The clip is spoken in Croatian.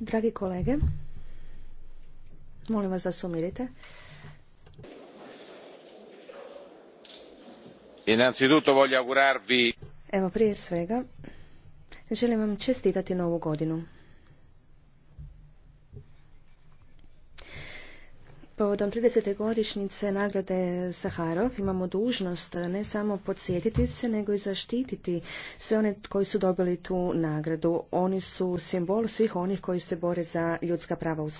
Dragi kolege, molim vas da se umirite. Evo prije svega, želim vam čestitati novu godinu. Povodom 30. godišnjice nagrade Saharov imamo dužnost ne samo podsjetiti se, nego i zaštititi sve one koji su dobili tu nagradu. Oni su simbol svih onih koji se bore za ljudska prava u svijetu.